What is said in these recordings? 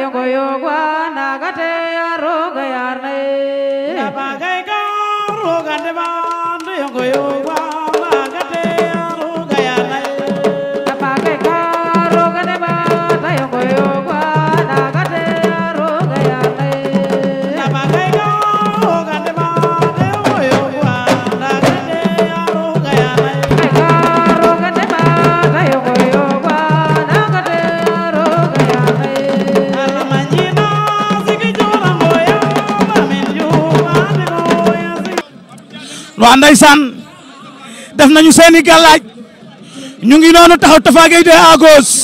yogo yogo waa ndeysaan def nañu seeni gàllaaj ñu ngi noonu taxaw Tapha Gueye de à gauche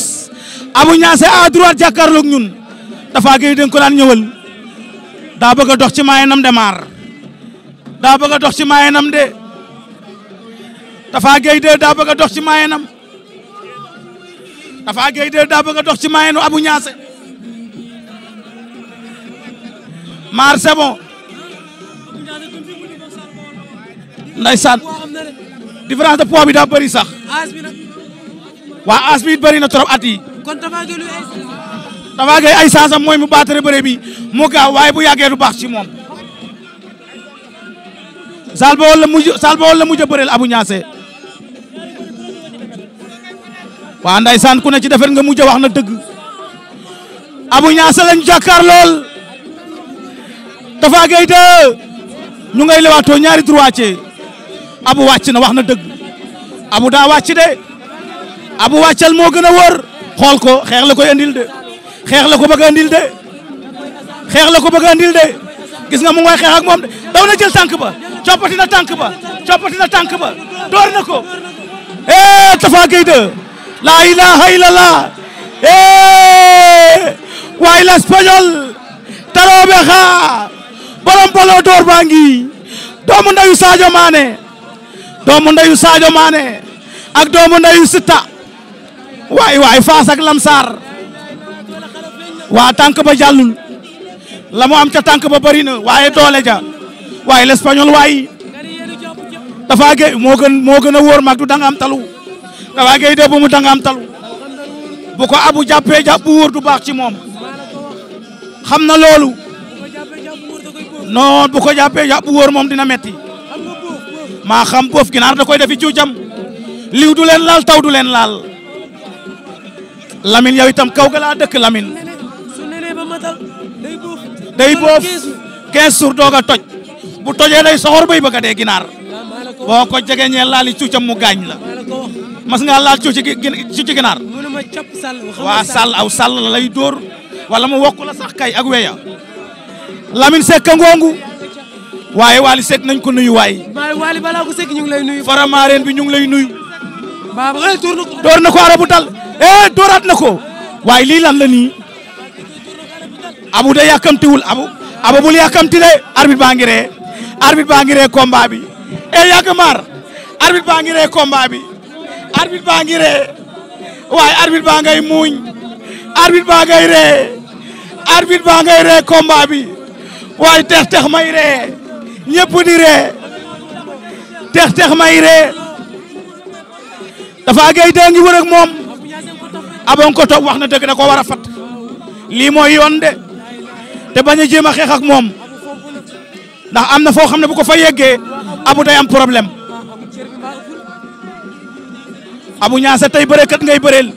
Abou Niasse à droite ñun Tapha Gueye dañ ko daan ñëwal daa bëgg a dox ci maayenam nam maar daa bëgg a dox ci maayenam de Tapha Gueye daa bëgg a dox ci maayenam Tapha Gueye de daa bëgg a dox ci maayenu abu ñaase maar c'est ndeysaan différence de poids bi daa bëri sax. waa as bëri na trop at yi. kon Tapha Gueye mooy mu baatare bëre bi mu gaaw waaye bu yàggee du ci moom. Saal Bawol la mujj Saal Bawol la mujj a bëreel Abou Niassé. waa ndeysaan ku ne ci defet nga mujj wax na dëgg. Abou Niassé lañu jàkkaar lool. Tapha Gueye ñu ngay lewaatoo ñaari droitier abu wàcc na wax na dëgg abu daa wàcc de abu wàccal moo gën a wóor xool xeex la koy andil de xeex la ko bëgg a andil de ko bëgg gis nga mu ngi xeex moom de daw na jël tànk ba coppati na tànk ba coppati na tànk ba door na ko eh Tafa Gueye de la ilaha illallah eh waay l'Espagnol taroobe xa borom balo door baa ngi doomu ndeyu Sadio Mané doomu ndeyu Sadio Mané ak doomu ndeyu Sitta waay waay Fass ak Lamsar waa tànk ba jàllul la mu am ca tànk ba bëri na waaye doole ja waaye l'espagnol waay dafa gay moo gën moo gën a wóor mag du danga am talu dafa gay de bu abu jàppee jàpp bu du baax ci moom xam na loolu non bu ko jàppee jàpp bu moom dina metti ma xam boof ginaar da koy defi cuucam liw du leen laal taw leen laal Lamine yow itam kaw ga laa dëkk Lamine day boof 15 jours doog toj bu tojee day soxor bay bëgg a dee ginaar boo ko jege ñee laali cuucam mu gaañ la mas nga laal cuuci cuuci ginaar waa sàll aw sàll la lay dóor wala mu wokk la sax kay ak weya Lamine Seck ngongu waaye Waly Seck nañ ko nuyu waay. waaye Waly lay nuyu. faramareen bi ñu ngi lay nuyu. baaba eh na ko. door na ko arabu tal eh na ko. waaye lii lan la nii. abu de yàkkamtiwul abu. abu bul yàkkamti de. arbitre baa ngi ree. arbitre baa ngi ree combat bi. eh yàgg maar. arbitre ree combat bi. arbitre baa ree. waaye arbitre baa ngay ree. arbitre baa tex tex may ree. ñépp di ree tex tex may ree dafa gay dee ngi wër moom abon ko toog wax na dëgg da ko war fat lii mooy yoon de te bañ a jéem a xeex ak moom ndax am na foo xam ne bu ko fa yeggee abu day am problème abu ñaasa tey bëreekat ngay bëreel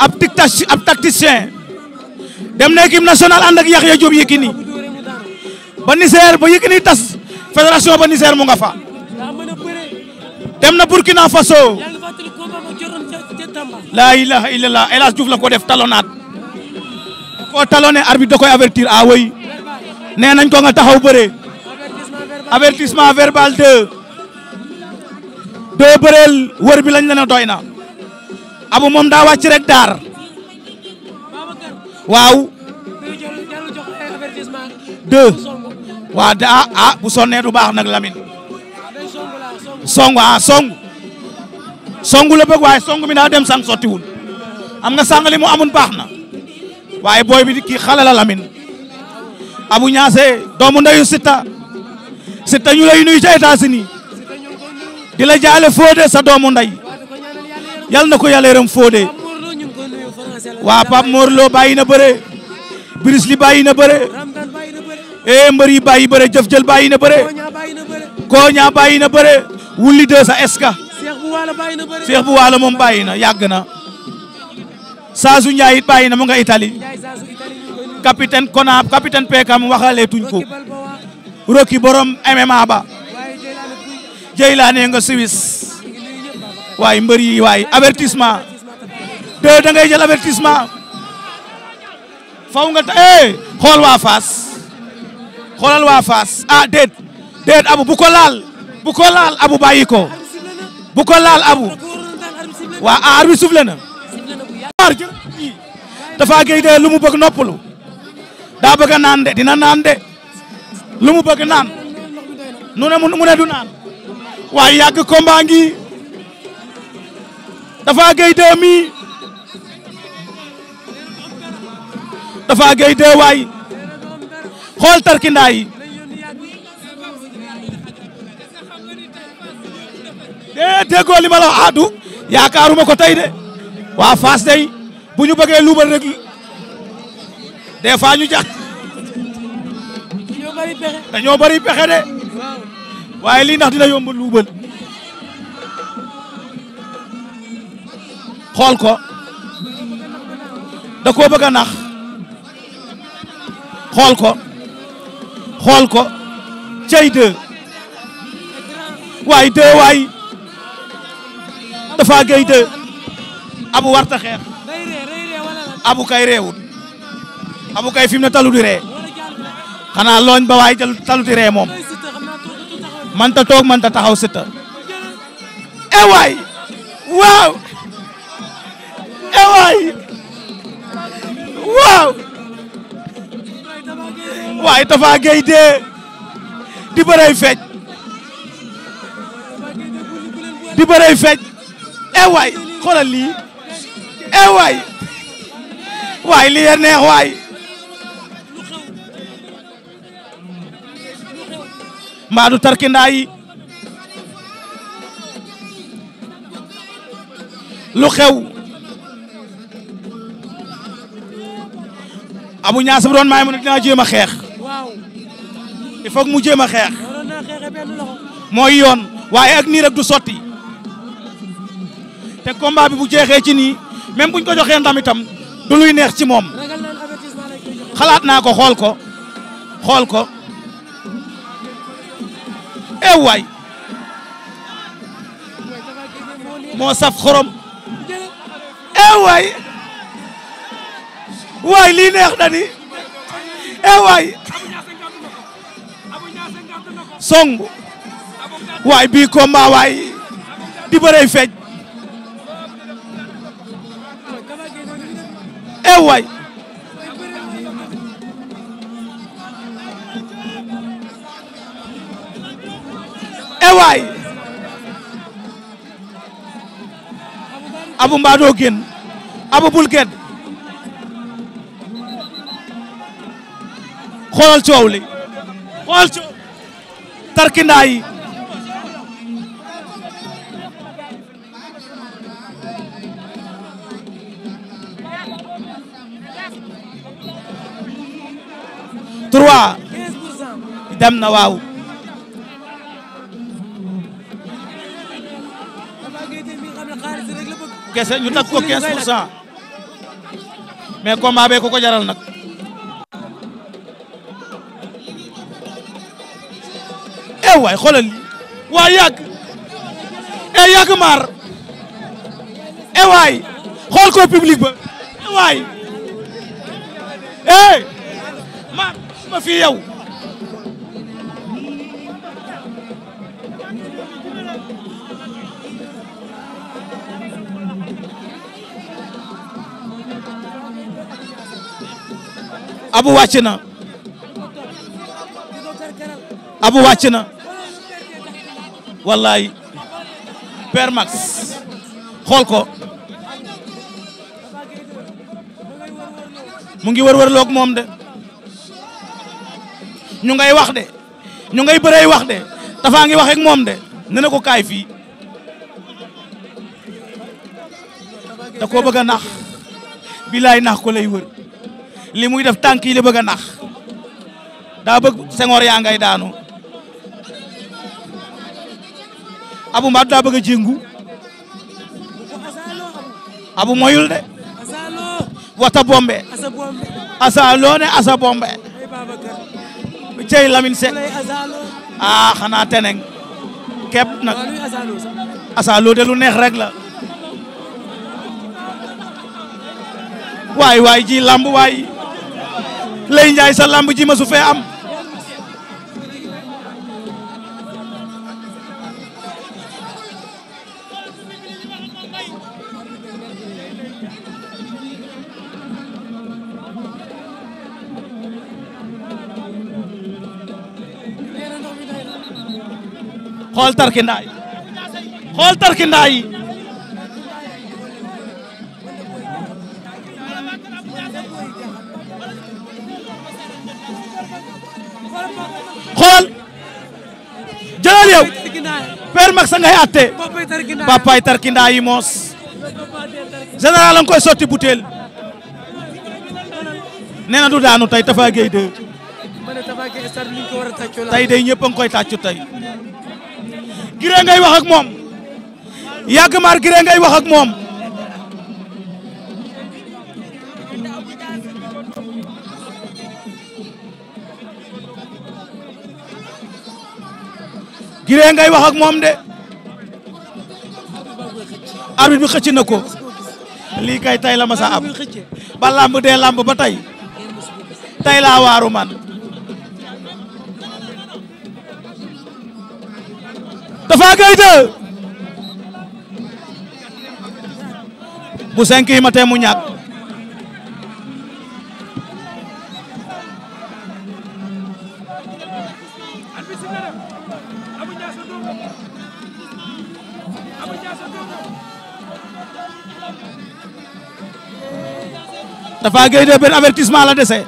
ab tictac ab tacticien dem na équipe nationale ànd ak Yaxya Jóob Yékini ba Niger ba Yékini tas fédération ba Niger mu nga fa. dem na Burkina Faso. laa ilaha illallah El Hadj la ko def talonaat. koo talonné arbitre da koy avertir ah oui. nee nañ ko nga taxaw bëree. avertissement verbal 2. deux bëreel wër bi lañ la ne doy na. abu moom daa wàcc daar. waaw. deux. waa daa a ah, ah, bu sonnee du baax nag Lamine songu ah songu songu la bëgg waaye songu mi naa dem sang sottiwul am nga sànq li mu amun baax na waaye booy bi kii xale la Lamine Abu Ñaase doomu ndeyu Sita Sita ñu ca états di la jaale Fodé sa doomu ndey yal na ko yàlla yërëm Fodé waa Pape Mor Lo bàyyi na bëre Bruce Lee bàyyi na bëre eh mbër yi bàyyi bëre jëf jël bàyyi na bëre. Koña bàyyi na bëre. Wuli de eska. Cheikh bu waala bàyyi na bëre. na yàgg na. Saasu Ndiaye it bàyyi na mu nga Italie. capitaine Kona capitaine Pekam waxaleetuñ ko. Rocky borom MMA ba. Jeylaane nga Suisse. waay mbër yi waay avertissement. te da ngay avertissement. faw nga ta eh xool waa xoolal waa Fass ah déet déet abu bu ko laal bu ko laal abu bàyyi ko bu laal abu waa ah arbitre soufflé na dafa gay de lu mu bëgg noppalu daa bëgg naan de dina naan de lu mu bëgg naan nu ne du naan waaye yàgg combat ngi dafa gay de mi dafa gay de waay xool tarkindaa yi dee déggoo li ma la ko tey de waa Fass day bu ñu bëggee luubal rek des fois ñu jàq dañoo bëri pexe de waaye lii ndax dina yomb luubal xool ko da koo bëgg a nax xool ko xool ko cey deux waay dafa gay abu warta xeex abu kay reewut abu kay fi mu ne talu di ree ba waay talu di moom man ta toog man ta taxaw sëta e waaw e waaw waaye Tafa Gueye dee di bërëy fecc di bërëy fecc eh waay xoolal lii eh waay waay lii neex waay mbaa du lu xew abu ñaas bu doon maay mu ne dinaa jéem a xeex il faut mu jéem a xeex. mooy yoon waaye ak nii rek du sotti te combat bi bu jeexee ci nii même buñ ko joxee ndam itam du luy neex ci moom xalaat naa ko xool ko xool ko ew waay moo saf xorom ew waay waay lii neex na ni ew song waay bii combat waay di bërëy feej ew eh, waay ew eh, abu mbaa xoolal coow li tarkindaa yi trois dem na waaw kese ñu tag ko 15 pour cent mais combat bee ko ko jaral nag waay xoolal lii waay yàgg e yàgg maar e waay xool ko public ba e waay e maar ma fii yow abu wàcc na abu wàcc na wallaay Père Max xool ko mu ngi wër-wër moom de ñu ngay wax de ñu ngay bëree wax de dafa ngi wax ak moom de nee na ko kaay fii da koo bëgg a nax billaay nax ko lay wër li muy def tànk yi la bëgg a nax daa bëgg sengoor yaa ngay daanu. abu mbaa daa bëgg abu moyul de wata bombe asa loo asa bombe cey Lamine Seck ah xanaa teneng kepp nag asa loo de lu neex rek la waay waay ji lamb waay lay njaay sa lamb ji ma fee am xool tarkindaa yi xool tarkindaa yi xool jëlal yow atte papaay tarkindaa yi moos nga koy sotti butéel nee du daanu tey Tafa Gueye 2 tey day ñëpp a koy tàccu tey Giré ngay wax ak moom yàgg maar ngay wax ak moom Giré ngay wax moom de arbitre bi xëcc na ko lii kay tay la ma sa ba lamb dee lamb ba tay tay waaru man Tapha Gueye bu cinq yi matee mu ñàkk Tapha Gueye benn avertissement la dese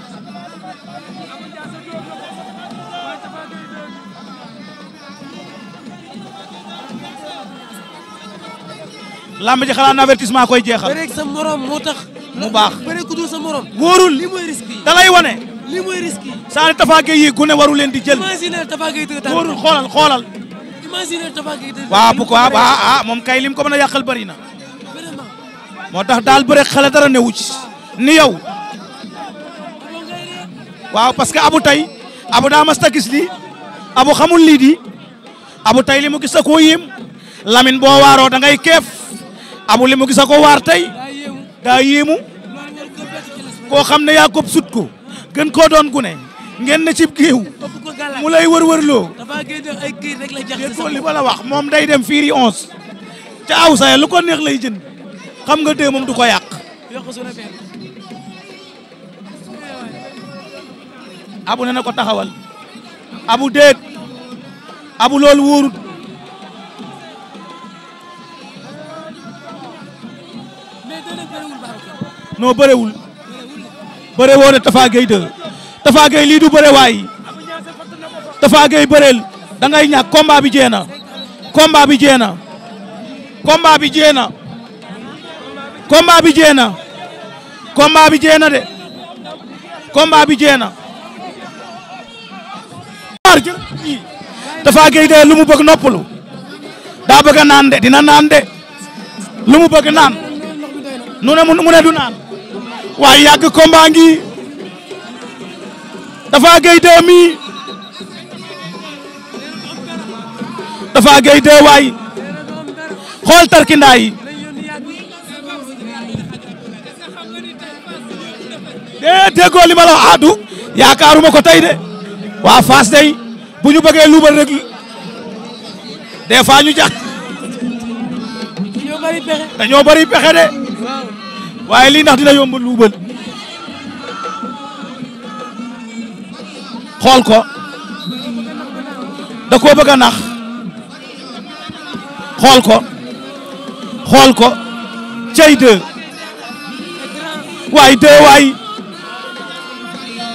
lamb ji xalaat na koy jeexal. bëreeg sa moo tax. mu baax bëreeg ku dul wóorul li mooy risque yi. da wane. li mooy risque yi. saa ne waru leen di jël. imaginer tafaage yi tëdd wóorul xoolal xoolal. imaginer tafaage yi tëdd waaw bu ko ah ah moom kay lim ko mën a yàqal bëri na. moo tax daal bëreeg dara newu ci. ni yow. waaw parce que abu tay abu daa mas ta abu xamul lii di. abu tay li mu gis koo yéem. Lamine boo waaroo da keef. amul li mu gis a ko waar tey daa yéemu koo xam ne yaa ko sut ko gën koo doon gune ngeen ne cib géew mu lay wërwërloo déggoo li ma la wax moom day dem fiiri onze ca aw saya lu ko neex lay jën xam nga dee moom du ko yàq abu ne na ko taxawal abu déet abu loolu wóorut non bërewul bëre woo ne Tafa Gueye Tafa Gueye lii du bëre waay Tafa Gueye bëreel da ngay ñàkk combat bi jee na combat bi jee komba combat bi jee na combat bi jee na combat bi jee na de combat bi jee na Tafa Gueye lu mu bëgg noppalu daa bëgg a naan de dina naan de lu mu naan nu ne du naan waa yàgg combat ngi Tapha Gueye 2 mi Tapha xool tarkindaa yi eh, dee déggoo li ma la yaakaaruma ko tey de waa Fass day bu ñu luubal rek des fois ñu jax dañoo de waaye lii ndax dina yomb luubal xool ko da koo bëgg a nax xool ko xool ko cey deux waay deux waay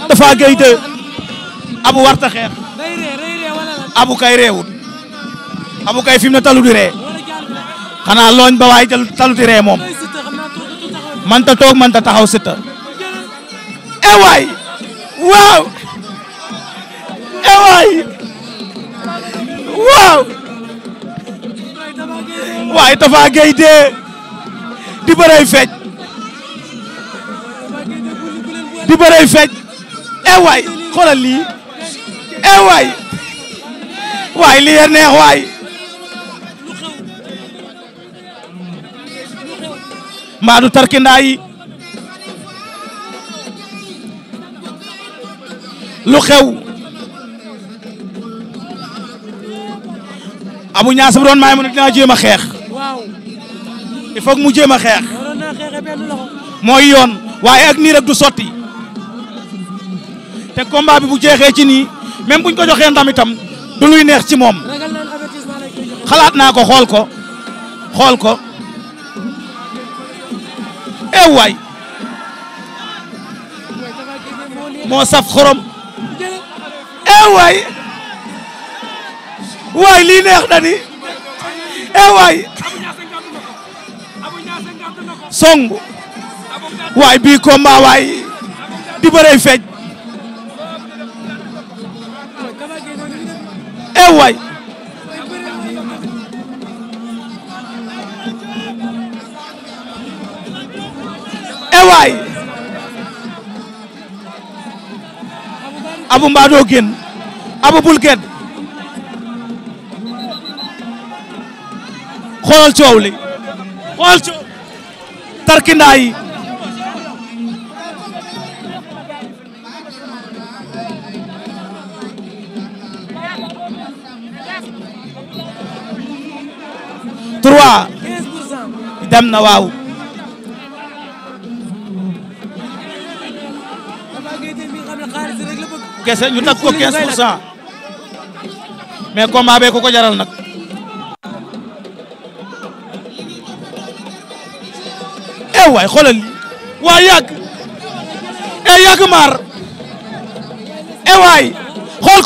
dafa gay deux abu warta xeex abu kay reewut abu kay fi mu ne talu di ree ba waay talu di moom manta toog manta taxaw Siteu e eh waay waaw e waaw waay Tapha Gueye de di bërëy fecc di bërëy fecc e waay xoolal lii e waay waay neex waay mbaa du tarkindaa lu xew amu ñaas bu doon maay mu ne jéem a xeex il faut mu jéem a xeex mooy yoon waaye ak nii rek du sotti te combat bi bu jeexee ci nii même buñ ko joxee ndam itam du luy neex ci moom xalaat naa ko xool ko xool ko eew eh, waay moo saf xorom eew eh, waay waay lii neex na eew eh, waay song waay bii combat waay di feej eew waay ewaay abu mbaa doo abu bul xoolal coow li xoolal coow tarkindaa yi trois dem waaw kese ñu tag eh waay xoolal lii waay yàgg eh,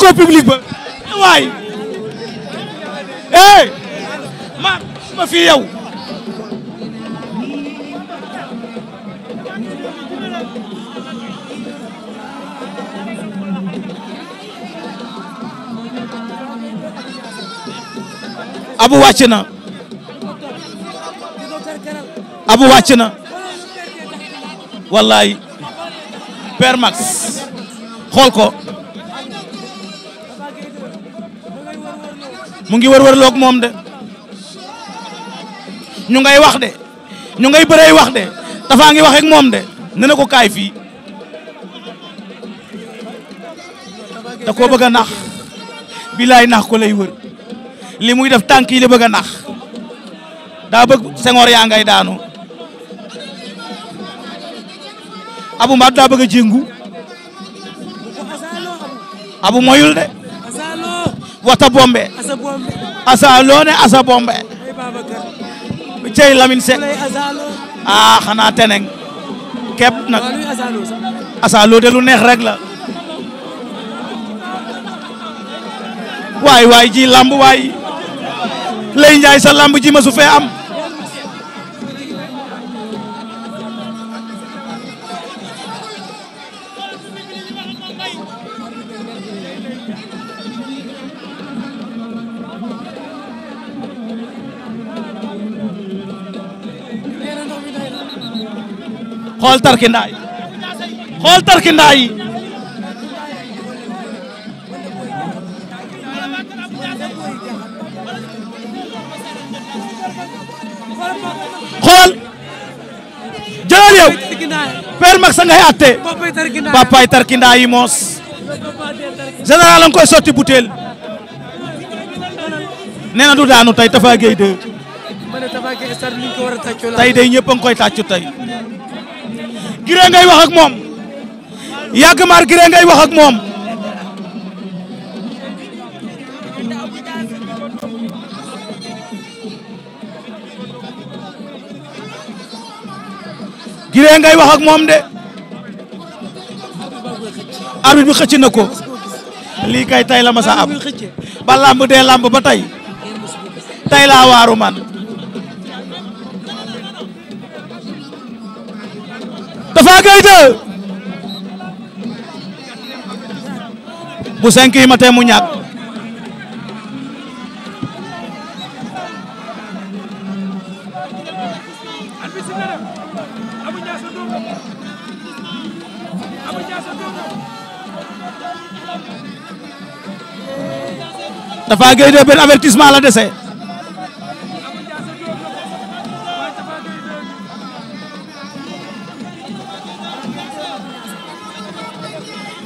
eh public ba eh waay maar eh, ma fi yow. abu wàcc na abu wàcc na wallaay xool ko mu ngi wër-wër loog moom de ñu ngay wax de ñu ngay bëree wax de dafa ngi wax ak moom de nee ko kaay fii da koo bëgg a nax bilaay nax ko lay wër. li muy def tànk yi la bëgg nax daa bëgg sengoor yaa ngay daanu abu mbaat daa bëgg a jéngu moyul de wata bombe asa loo ne bombe cey lamin sek ah xanaa teneng kepp nag asa loo de lu neex rek waay waay ji lamb waay Lay Ndiaye sa lamb ji ma su am xool tarkindaa yi xool tarkindaa yi sa ngay atte papaay tarkindaa yi moos général a koy sotti butéel nee na du daanu tey Tafa Gueye de tey day ñëpp a ngi koy tàccu tey giree ngay wax ak moom maar giree ngay wax moom de arbitre bi xëcc na ko lii kay tay la ma sa am ba làmb ba tay tay laa waaru man Tapha bu cinq yi ma mu ñàkk Tapha Gueye de benn avertissement la dese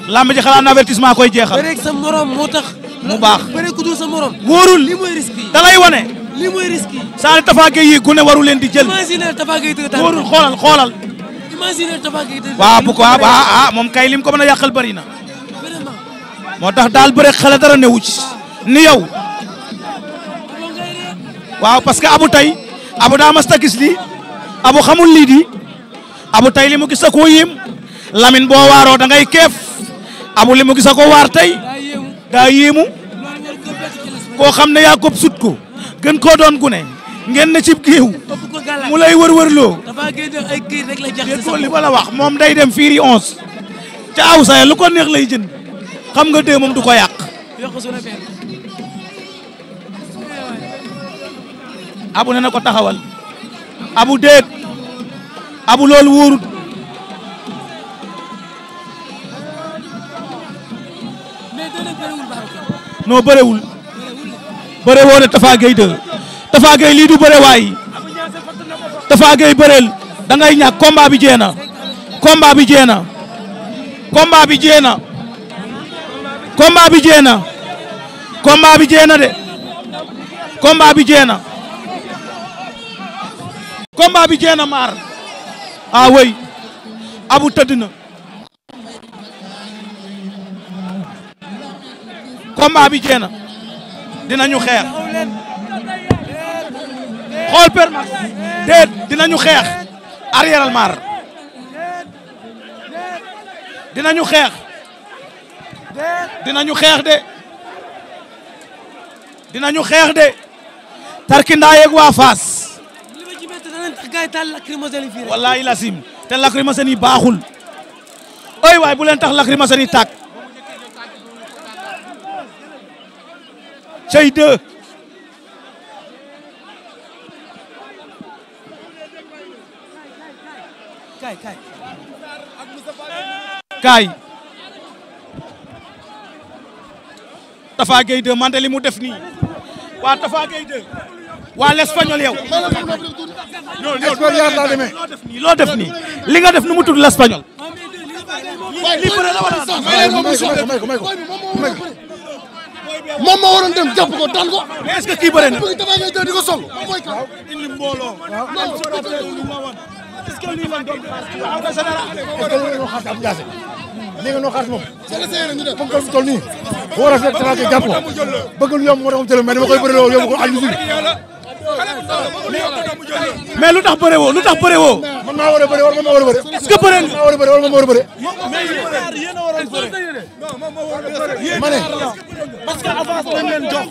lamb ji xalaat na avertissement koy jeexal. bëreeg sa morom moo tax. mu baax bëreeg ku dul sa morom. wóorul lii mooy risque yi da lay wane. lii mooy risque yi. saa ne Tapha Gueye yi gune waru leen di jël. imaginer Tapha Gueye dëgg wóorul xoolal xoolal. imaginer Tapha Gueye dëgg waaw bu ko ah, ah, ah moom kay lim ko mën a yàqal bëri na. moo tax daal bëreeg xale dara newu ci. ni yow waaw parce que abu tey abu daa mas ta gis abu xamul lii di abu tay li mu gisa a ko yéem lamin boo waaroo da keef abu li mu gisa ko waar tey daa yéemu koo xam ne yaa sut ko gën koo doon gune ngeen ne cib géew mu lay wër-wër loo déggoo li ma wax moom day dem fiiri onze ca aw lu ko neex lay jënd xam nga dee moom du ko yàq abu ne na ko taxawal abu déet abu loolu wóorut non bërewul bëre woon na Tafa Gueye 2 Tafa Gueye lii du bëre waay Tafa Gueye bëreel da ngay bi jee bi jee na combat bi na combat bi jee na combat bi jee na de combat bi jee na combat bi jéem a maar ah abu tëdd na. combat bi jéem a dinañu xeex xool per max déet dinañu xeex arrière maar dinañu xeex dinañu xeex de dinañu xeex de tarkindaa yeeg waa Fass. gars yi taal lacrymogène yi fii rek. wallaahi lasim te lacrymogène yi baaxul. ooy waay bu leen tax lacrymogène yi tàkk. cey deux. kaay kaay. kaay. mu def nii. waa Tafa Gueye waa l'espagnol yow. espagnol laa demee. loo def nii li nga def nu mu tudd l'espagnol. moom moo waroon dem jàpp ko daan ko. mais est-ce que kii bëre na. bu tabaay ngay jël di ko sol. waaw indi mbooloo. est-ce que lii lan doon xaar si li nga noo xaar si moom. comme que mu toll nii. boo rafetee traité jàpp ko bëggul yomb moo tax mu jël mais dama koy bëri loolu yomb ko ànd si. mais lu tax bëre woo lu tax bëre woo. man maa war a bëre wala man maa war a bëre. est-ce que bëre nga maa war a bëre wala man maa war a bëre. ma ne. parce que avance lañ leen jox.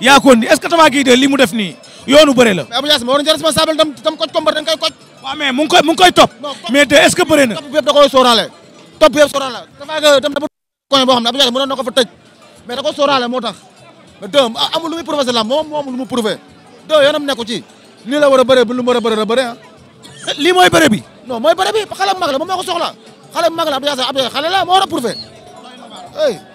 yaa ko indi est-ce que Tapha Gueye de li mu def nii yoonu bëre la. mais Abou Diassé ma waroon jël responsable dam dam koc combat dañ koy koc. waaw mais mu ngi koy mu ngi koy topp. mais de est-ce que bëre na. topp bépp da koy sóoraale. topp yëpp sóoraale dafa ak tam dafa coin boo xam ne Abdou Diagne mënoon na ko fa tëj mais ko sóoraale moo tax deux amul lu muy prouvé si lamb moom moo amul lu mu prouvé deux yoonam nekku ci la war a bëree bu lu mu war a bëree la ah. lii mooy bëre bi non mooy bëre bi xale bu mag la moom moo ko soxla xale bu mag la Abdou la moo war a